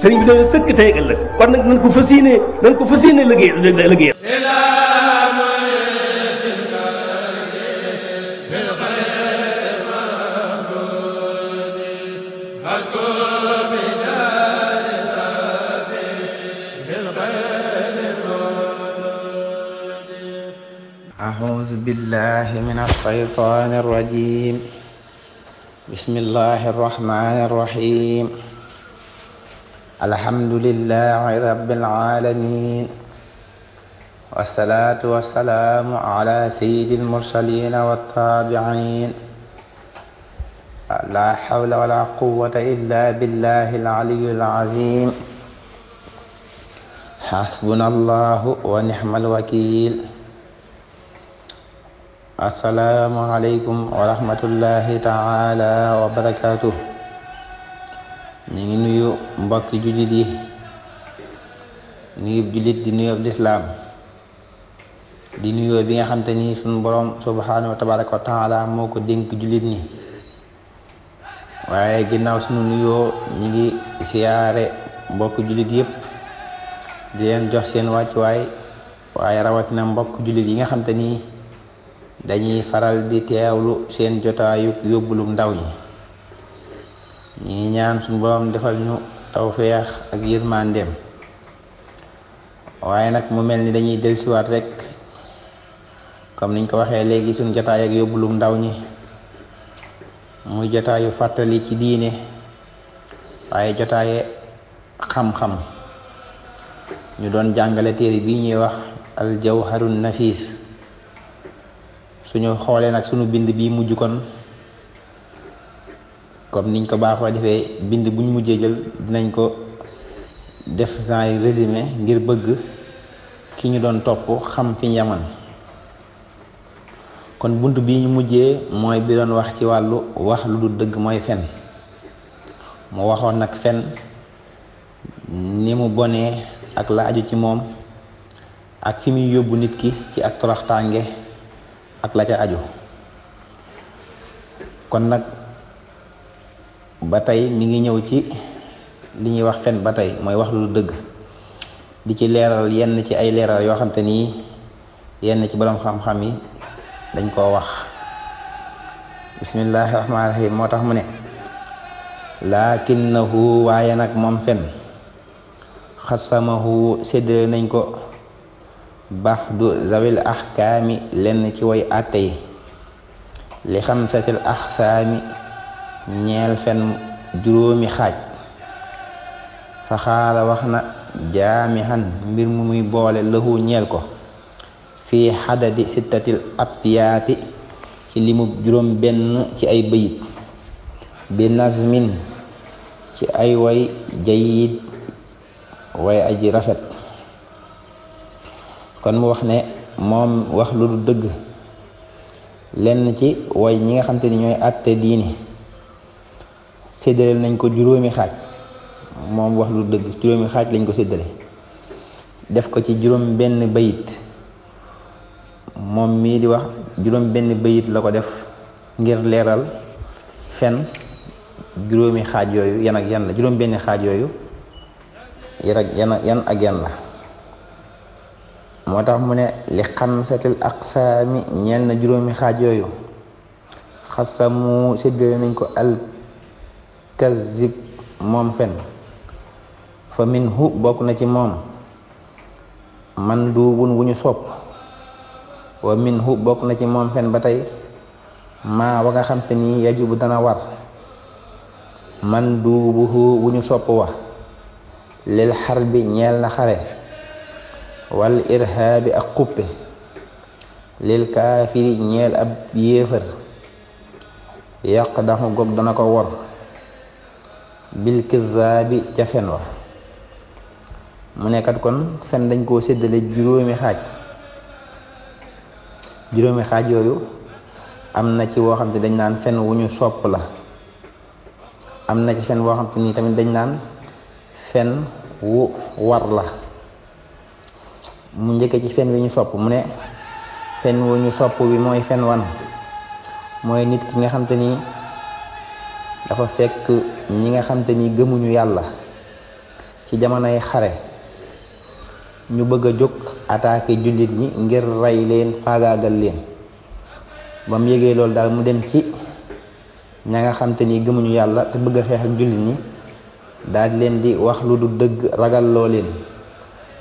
sëriñ bi dañu sëkk tey ak ëllëg kon nag nañ ko fas yéene nañ ko fas yéene liggéey liggéey أعوذ بالله من الشيطان الرجيم بسم الله الرحمن الرحيم alhamdulillahi rabbil alamin wassalaatu wassalaamu ala sayyidil mursaliin wattaabi'iin laa hawla wala quwwata illa billahil aliyyil aziim hasbunallahu wa ni'mal wakiil assalaamu aleykum wa rahmatullahi taala wa barakaatuh ñi ngi nuyu mbokki jullit yi nuyub jullit di nuyub lislaam di nuyoo bi nga xam te ni suñu borom subhaanahu wa tabaraka wa moo ko dénk jullit ñi waaye ginnaaw suñu nuyoo ñi ngi siyaare mbokk jullit yépp di leen jox seen wàccuwaay waaye na mbokk jullit yi nga xam te ni dañuy faral di teewlu seen jotaayu yóbbulu ndaw ñi ñu ngi ñaan suñu borom defal ñu tawféex ak yërmandeem waaye nag mu mel ni dañuy dellusiwaat rekk comme niñ ko waxee léegi suñ jotaay ak yóbbulum ndaw ñi muy jotaayu fàttali ci diine waaye jotaaye xam-xam ñu doon jàngale téere bii ñuy wax al jawharun nafis suñu xoolee nag suñu bind bii mujj kon comme niñ ko baaxoo defee bind buñ mujjee jël dinañ ko def genre résumé ngir bëgg ki ñu doon topp xam fi yaman kon bunt bi ñu mujjee mooy bi doon wax ci wàllu wax lu dul dëgg mooy fen mu waxoon nag fen ni mu bonee ak la aju ci moom ak fi muy yóbbu nit ki ci ak toroxtaange ak la ca aju kon nag ba tey mi ngi ñëw ci li ñuy wax fen ba tey mooy wax lu dëgg di ci leeral yenn ci ay leeral yoo xam te nii yenn ci boroom xam-xam yi dañ koo wax bismillahi rahmaani rahim moo tax mu ne lakinnahu waaye nag moom fen xasamahu séddale nañ ko bax du zawil axkaami lenn ci woy àtte yi li xamsatil axsaami ñeel fen juróomi xaaj fa xaala wax na jaamixan mbir mu muy boole lëxu ñeel ko fii xadadi sittatil abyaati ci limu juróom benn ci ay bëyit bi nazmin ci ay way jayid way aji rafet kon mu wax ne moom wax lu du dëgg lenn ci way ñi nga xam ni ñooy àtte diini séddale nañ ko juróomi xaaj moom wax lu dëgg juróomi xaaj lañ ko séddale def ko ci juróom benn bayit moom mii di wax juróom benn bayit la ko def ngir leeral fen juróomi xaaj yooyu yan ak yan la xaaj yooyu yan yan yan la moo tax mu ne li xamsatil aqsaami ñeel na juróomi xaaj yooyu xasamu séddale nañ ko al kazib moom fen fa minhu bokk na ci moom man duubun wu ñu sopp wa minhu bokk na ci moom fen ba tey maa wa nga xam te ni yajibu dana war man duubuhu wu ñu sopp wax lil xarbi ñeel na xare wal irhaabi ak xuppe lil kaafiri ñeel ab yéefër yàq daxu goog dana ko wor bil kizaabi ca fen wa mu nekkat kon fen dañ koo séddale juróomi xaaj juróomi xaaj yooyu am na ci woo xam te dañ naan fen wu sopp la am na ci fen woo xam nii tamit dañ naan fen wu war la mu njëkk ci fen wi ñu sopp mu ne fen wu ñu sopp bi mooy fen wan mooy nit ki nga xam nii dafa fekk ñi nga xam ni gëmuñu yàlla ci jamonoy xare ñu bëgg a jóg attaqué jullit ñi ngir rey leen faagaagal leen ba mu yëgee loolu daal mu dem ci ña nga xam ni gëmuñu yàlla te bëgg a xeex ak jullit ñi daal di leen di wax lu du dëgg ragal loo leen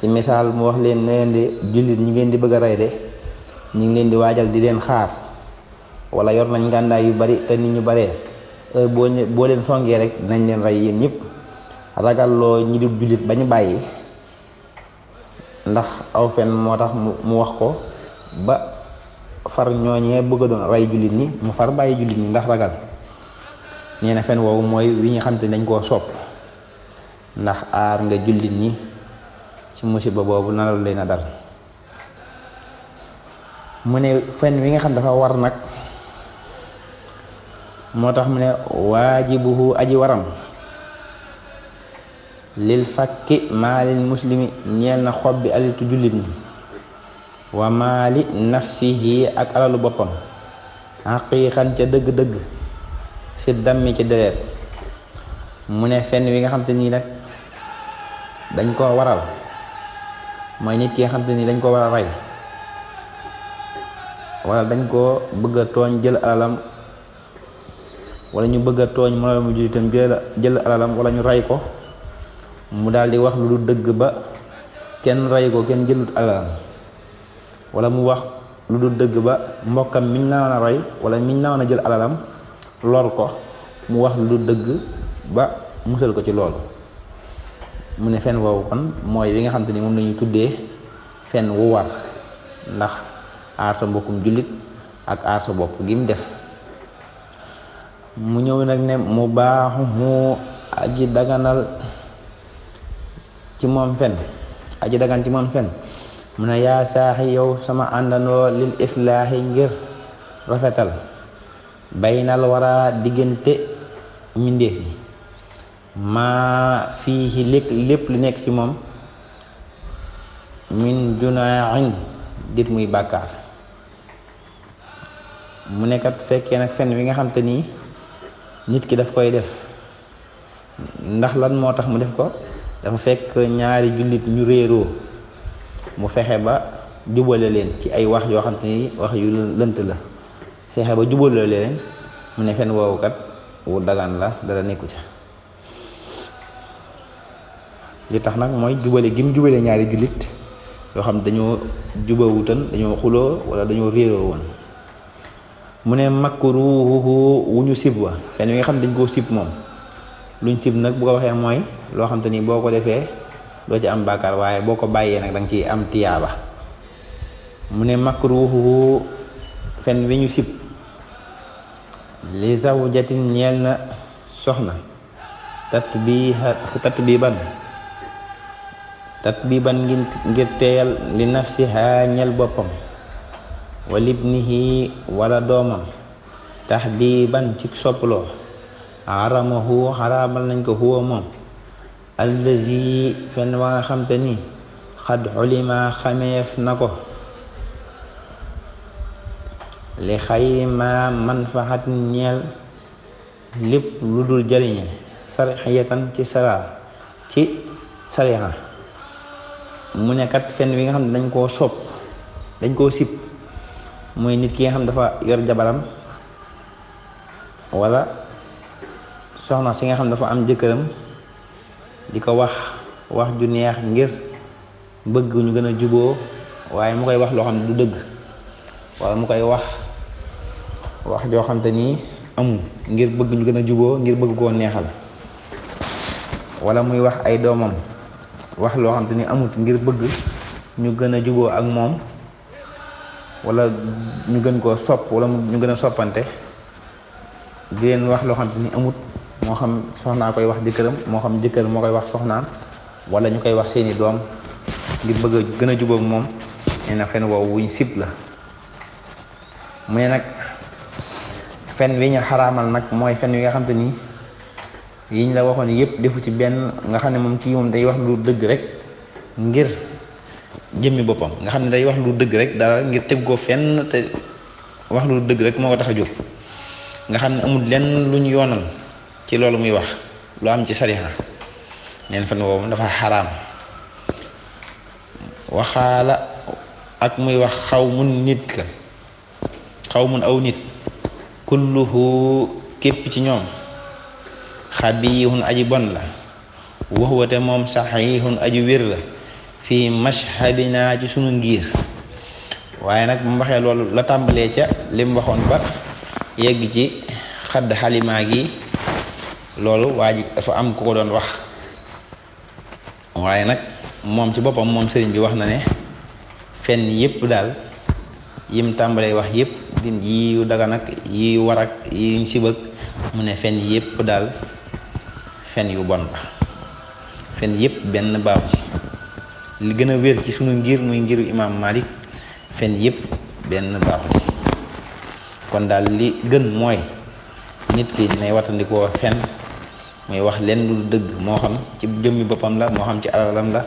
ci misaal mu wax leen ne leen di jullit ñi ngeen di bëgg a rey de ñi ngi leen di waajal di leen xaar wala yor nañ ngàndaay yu bari te nit ñu baree Euh, boo boo leen songee rek nañ leen rey yéen ñëpp ragalloo ñi di jullit ba bàyyi ndax aw fen moo tax mu wax ko ba far ñooñee bëgg a doon rey jullit ni mu far bàyyi jullit ñi ndax ragal nee fen woowu mooy wi ñu xam te dañ koo sopp ndax aar nga jullit ñi ci musiba boobu nalalu leen a dal mu ne fen wi nga xam dafa war nag moo tax mu ne waajibuhu aji waram lil fakki maalil muslimi ñeel na xob bi alitu jullit ñi wa maali nafsihi ak alalu boppam xaqiiqan ca dëgg-dëgg fi dammi ci deret mu ne fenn wi nga xamte nii nag dañ koo waral mooy nit ki nga xam nii dañ koo war a rey wala dañ koo bëgg tooñ jël alalam wala ñu bëgg a tooñ moroomu jullitam jël jël alalam wala ñu ray ko mu daal wax lu dul dëgg ba kenn rey ko kenn jëlut alalam wala mu wax lu dul dëgg ba mbokkam miñ la a rey wala miñ la a jël alalam lor ko mu wax lu dëgg ba musal ko ci loolu mu ne fen woowu kon mooy li nga xam ni moom la tuddee fenn wu war ndax aar sa mbokkum jullit ak aar sa bopp gi mu def mu ñëw nag ne mu baaxuhu aji daganal ci moom fen aji dagan ci moom fen mu ne yaa saaxi yow sama àndandoo lil islaahi ngir rafetal baynal wara diggante mbindéef yi maa fii lépp lu nekk ci moom min junaaxin dit muy bàkkaar mu nekkat fekkee nag fen wi nga xamte te nii nit ki daf koy def ndax lan moo tax mu def ko dafa fekk ñaari jullit ñu réeroo mu fexe ba jubale leen ci ay wax yoo xam te ni wax yu lënt la fexe ba jubale leen mu ne fen kat wu dagan la dara nekku ca li tax nag mooy jubale gim jubale ñaari jullit yoo xam ne dañoo jubawutan dañoo xuloo wala dañoo réeroo woon mu ne makruuhu wu ñu sib wa fen wi nga xam dañ koo sib moom luñ sib nag bu waxee mooy loo xam te ni boo ko defee doo ci am bàkkaar waaye boo ko bàyyee nag da nga ciy am tiyaaba mu ne makruuhu fen wi ñu sib li zawjatin ñeel na soxna tatbiha tatbiban tatbiban ngir teeyal li nafsiha ñeel boppam walibnihi wala doomam tax bi ban ci soppaloo xaramahu xaraamal nañ ko huwa moom allazi fenn wa nga xam ni xad xulima xameef na ko li xayrima manfaxat ñeel lépp lu dul jariñe sarxiyatan ci sara ci sarixa mu ne fenn wi nga xam ne dañ koo sopp dañ koo sib muy nit ki nga xam dafa yor jabaram wala soxna si nga xam dafa am jëkkëram di ko wax wax ju neex ngir bëgg ñu gën a juboo waaye mu koy wax loo xam ne du dëgg wala mu koy wax wax joo xam te nii amul ngir bëgg ñu gën a juboo ngir bëgg koo neexal wala muy wax ay doomam wax loo xam te amut ngir bëgg ñu gën a juboo ak moom wala ñu gën koo sopp wala ñu gën a soppante di leen wax loo xam ni amut moo xam soxnaa koy wax jëkkëram moo xam jëkkër moo koy wax soxnaan wala ñu koy wax seeni doom ngir bëgg gën a jubóog moom nee na fen woowu wuñ sib la mu nag fen wi xaraamal nag mooy fen wi nga xam te ni ñu la waxoon yépp defu ci benn nga xam ne moom kii moom day wax lu dëgg rek ngir jëmmi boppam nga xam ne day wax lu dëgg rek dara ngir teg ko fenn te wax lu dëgg rek moo ko tax a jóg nga xam ne amul lenn lu ñu yoonal ci loolu muy wax lu am ci sariya neen fan boobu dafa xaraam waxaala ak muy wax xaw mun nit ka xaw mun aw nit kulluhu képp ci ñoom xabiyihun aji bon la waxwate moom saxihun aji wér la fii mashhabina ci sunu ngir waaye nag mu loolu la tàmbalee ca lim waxoon ba yegg ci xadd xalimaa gi loolu waa ji dafa am ku ko doon wax waaye nag moom ci boppam moom sëriñ bi wax na ne fenn yépp daal yim tàmbalee wax yépp di yi yu dagan yi yu yi ñu sibag mu ne fenn yépp daal fen yu bon la fen yépp benn baaw ci li gën a wér ci sunu ngir muy ngiru imaam Malik fen yëpp benn baaxu kon daal li gën mooy nit ki dinay wattandikoo fen muy wax lenn lu dëgg moo xam ci jëmmi boppam la moo xam ci alalam la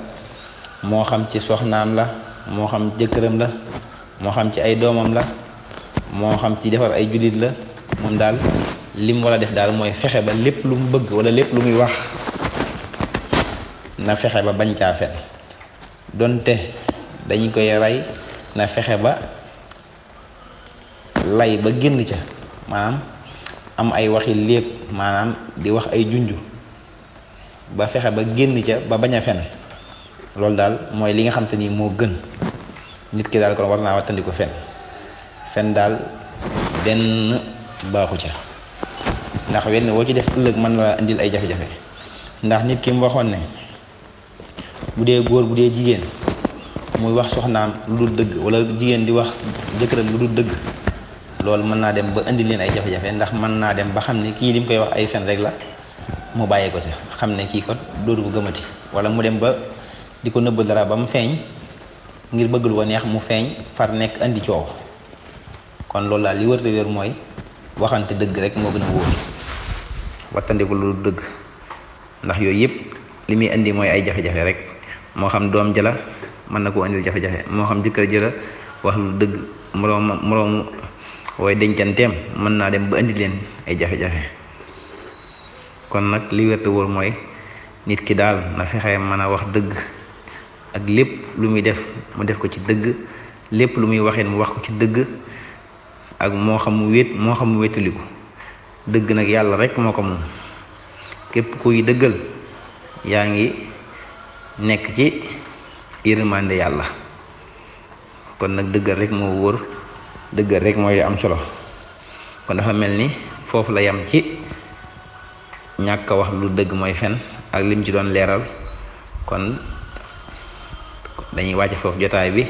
moo xam ci soxnaam la moo xam jëkkëram la moo xam ci ay doomam la moo xam ci defar ay jullit la moom daal li mu war a def daal mooy fexe ba lépp lu mu bëgg wala lépp lu muy wax na fexe ba bañ caa fen donte dañu koy rey na fexe ba lay ba génn ca maanaam am ay waxi léeb maanaam di wax ay junju ba fexe ba génn ca ba bañ a fen loolu daal mooy li nga xam ni moo gën nit ki daal kon war naa wattandiku fen fen daal benn baaxu ca ndax wenn woo ci def ëllëg mën na indil ay jafe-jafe ndax nit ki mu waxoon ne bu dee góor bu dee jigéen muy wax soxnaam lu dul dëgg wala jigéen di wax jëkkëram lu dul dëgg loolu mën naa dem ba indi leen ay jafe-jafe ndax mën naa dem ba xam ne kii li koy wax ay fen rek la mu bàyyee ko ci xam ne kii kon dootu ko gëmati wala mu dem ba di ko nëbb dara ba mu feeñ ngir bëgg ko neex mu feeñ far nekk indi coow kon loolu daal li wër te wér mooy waxante dëgg rek moo gën a wóor wattandiko lu dul dëgg ndax yooyu yëpp li muy indi mooy ay jafe-jafe rek moo xam doom jëla mën na koo indil jafe-jafe moo xam jëkkër jëla wax lu dëgg moroom moroomu waaye dencanteem mën naa dem ba indi leen ay jafe-jafe kon nag li wérte wóor mooy nit ki daal na fexe mën a wax dëgg ak lépp lu muy def mu def ko ci dëgg lépp lu muy waxin mu wax ko ci dëgg ak moo xam mu wéet moo xam mu wéetaliku dëgg nag yàlla rek moo ko moom képp kuy dëggal yaa ngi nekk ci yërmande yàlla kon nag dëggal rek moo wóor dëggal rek mooy am solo kon dafa mel ni foofu la yam ci ñàkk a wax lu dëgg mooy fen ak lim ci doon leeral kon dañuy wàcc foofu jotaay bi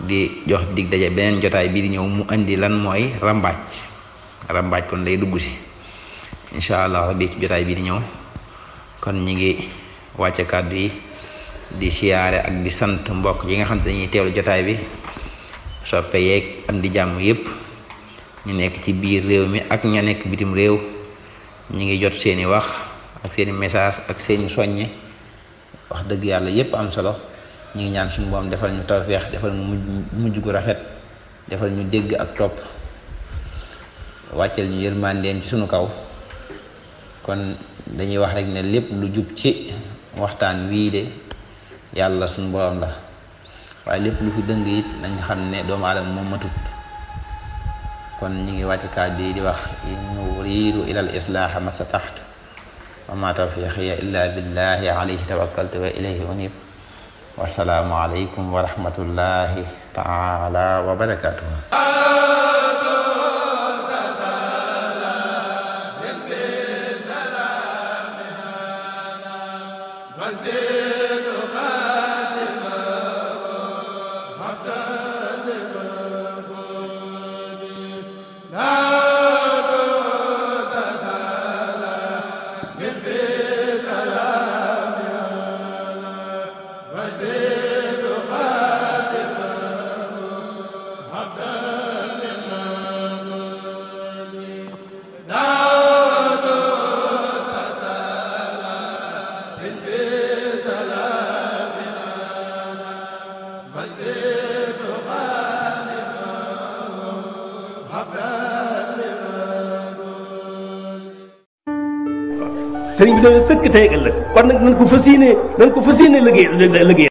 di jox dig daje beneen jotaay bi di ñëw mu indi lan mooy ràmbaaj ràmbaaj kon lay dugg si incha allah rabbi jotaay bi di ñëw kon ñi ngi wàcce kàddu yi di siyaare ak di sant mbokk yi nga xam te dañuy teewlu jotaay bi soppe yeeg am di jàmm yépp ñu nekk ci biir réew mi ak ñu nekk bitim réew ñu ngi jot seeni wax ak seeni message ak seeni soññe wax dëgg yàlla yépp am solo ñu ngi ñaan suñu boom defal ñu tawfeex defal ñu mujj gu rafet defal ñu dégg ak topp wàccel ñu yërmandeem ci suñu kaw kon dañuy wax rek ne lépp lu jub ci waxtaan wii de yàlla suñu borom la waaye lépp lu fi dëng it nañ xam ne doomu aadama moom matut kon ñu ngi wàcc kàddu yi di wax in uriidu ilal islaaha masataxtu wa ma tawfiqiya illa billahi alayhi tawakkaltu wa ilayhi unib wasalaamu alaykum wa rahmatullahi taala wa barakatuhu sëriñ bi dana sëkk tey ak ëllëg kon nañ ko fas yéene nañ ko fas yéene liggéey liggéey